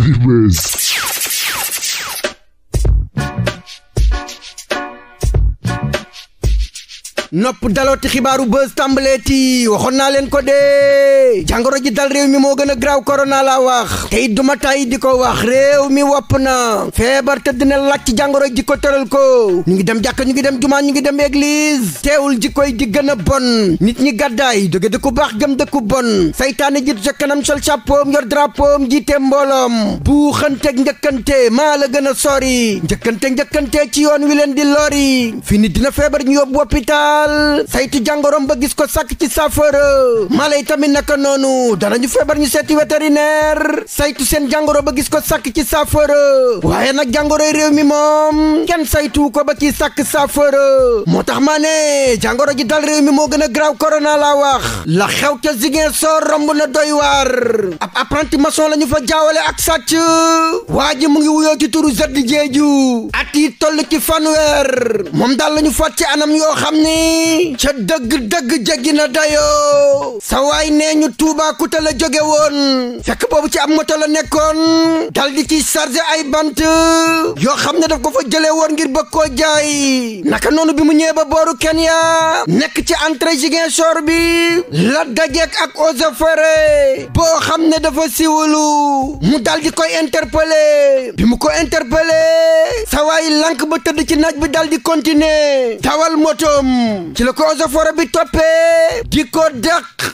Heavy Mess. nopp dalooti xibaaru buzz tàmbaleeti waxoon naa leen ko dee jàngoro ji dal réew mi moo gën a graaw korona la wax te it duma tàyyi di ko wax réew mi wopp na feebar te dina laaj ci jàngoro ji ko tëral ko ñu ngi dem jàkk ñu ngi dem jumaa ñu ngi dem église teewul ji koy di gën a bon nit ñi gàddaay jóge dëkku baax jëm dëkku bon saytaane jiitu ca kanam sol chapeau yor drapeau jiite mbooloom buuxanteeg njëkkante maa la gën a sori njëkkante njëkkante ci yoon wi leen di lori fini dina feebar ñu yóbbu hôpital Sénégal saytu jàngoroom ba gis ko sàkk ci saafara mala yi tamit naka noonu danañu feebar ñu seeti vétérinaire saytu seen jàngoro ba gis ko sakk ci saafara waaye nag jàngoroy réew mi moom kenn saytuwu ko ba ci sàkk saafara moo tax maa ne jàngoro ji dal réew mi moo gën a graaw corona la wax la xew ca Ziguinchor romb na doy waar ab apprenti maçon la ñu fa jaawale ak sàcc waa ji mu ngi wuyoo ci turu Zedd Jeeju at yi toll ci fanweer moom daal ñu faat ci anam yoo xam ca dëgg-dëgg jeggi na dayoo sawaay nee ñu Toubacouta la jóge woon fekk boobu ci ab moto la nekkoon dal di ci chargé ay bant yoo xam ne daf ko fa jëlee woon ngir bëgg koo jaay naka noonu bi mu ñëwee ba booru Kenya nekk ci entrée Ziguinchor bi la dajeek ak eaux boo xam ne dafa siwulu mu dal di koy interpellé bi mu ko interpellé sawaay lank ba tëdd ci naaj bi dal di continuer tawal motoom ci la ko eaux et bi toppee di ko dàq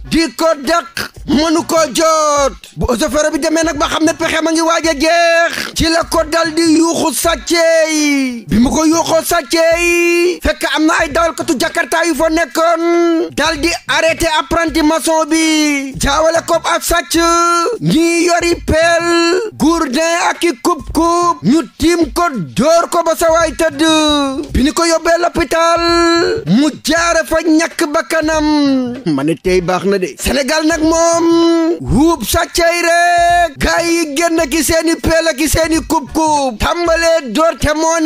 di ko dàq mënu ko jot bu eaux bi demee nag ba xam ne pexe ma ngi waaj a jeex ci la ko dal di yuuxu sàccee bi mu ko yuuxoo sàccee yi fekk am na ay dawalkatu jakarta yu fa nekkoon dal di apprenti maçon bi jaawale ko ak sàcc ñii yori peel gourdin ak i kub-kub ñu tiim ko dóor ko ba sa waay tëdd bi ni ko yóbbee l'hôpital mu jaare fa ñàkk bakkanam ma ne tey baax de nag moom wuub sàccay rek gaay yi génn ki seeni peel ak ki seeni kub-kub tàmbalee door te moo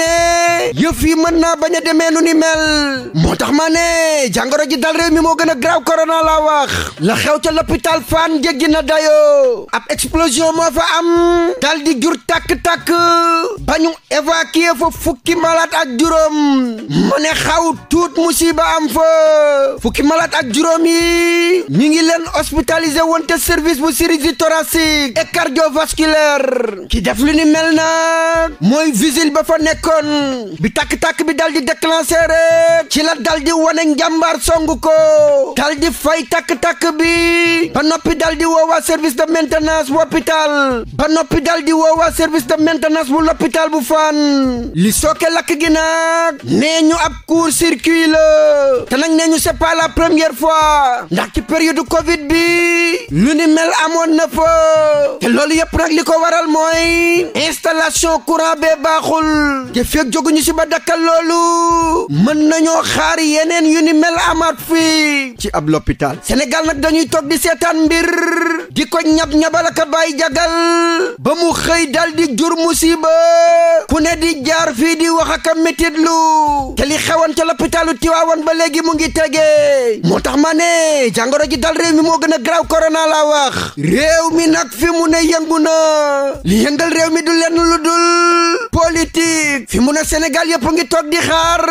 yëf yi mën naa bañ a demee nu ni mel moo tax ma ne jàngoro ji dal réew mi moo gën a graaw corona laa wax la xew ca l'hôpital Fann jéggi na dayoo ab explosion moo fa am dal di jur tàkk-tàkk bañu évacuer fa fukki malade ak juróom mu ne xaw tuut musiba am fa fukki malade ak juróom yi ñu ngi leen hospitalisé woon te service bu chirurgie thoracique et cardiovasculaire ki def lu ni mel na mooy vigile ba fa nekkoon bi takk tàkk bi dal di déclenché ci la dal di wane njàmbaar song ko dal di fay takk tàkk bi ba noppi dal di woowaa service de maintenance bu hôpital ba noppi dal di woowaa service de maintenance bu l'hôpital bu Fann li sooke lakk gi nag nee ñu ab court circuit la te nag nee ñu c'est la première fois période Covid bi lu ni mel amoon na fa te loolu yëpp nag li ko waral mooy génération courant bee baaxul te fekk jóguñu si ba dakkal loolu mën nañoo xaar yeneen yu ni mel amaat fii ci ab l'hôpital Sénégal dañuy toog di seetaan mbir di ko ñab-ñabal ak a bàyyi jagal ba mu xëy dal di jur musiba ku ne di jaar fii di wax ak a métitlu te li xewoon ca l'hôpitalu Tiwaawan ba léegi mu ngi tegee moo tax ma ne jàngoro ji dal réew mi moo gën a graw korona laa wax réew mi nag fi mu ne yëngu na li yëngal réew mi du lenn lu lu dul politique fi mu ne Sénégal yëpp ngi toog di xaar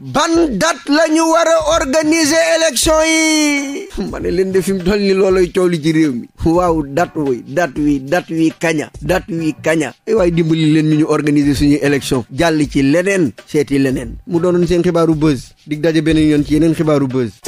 ban date la ñu war a organiser élection yi ma ne de fi mu toll ni looloy coow li ci réew mi waaw date wi date wi date wi kaña date wi kaña ay waaye dimbali leen ñu ñu organiser suñuy élection jàll ci leneen seeti leneen mu doonoon seen xibaaru buzz dig daje beneen yoon ci yeneen xibaaru buzz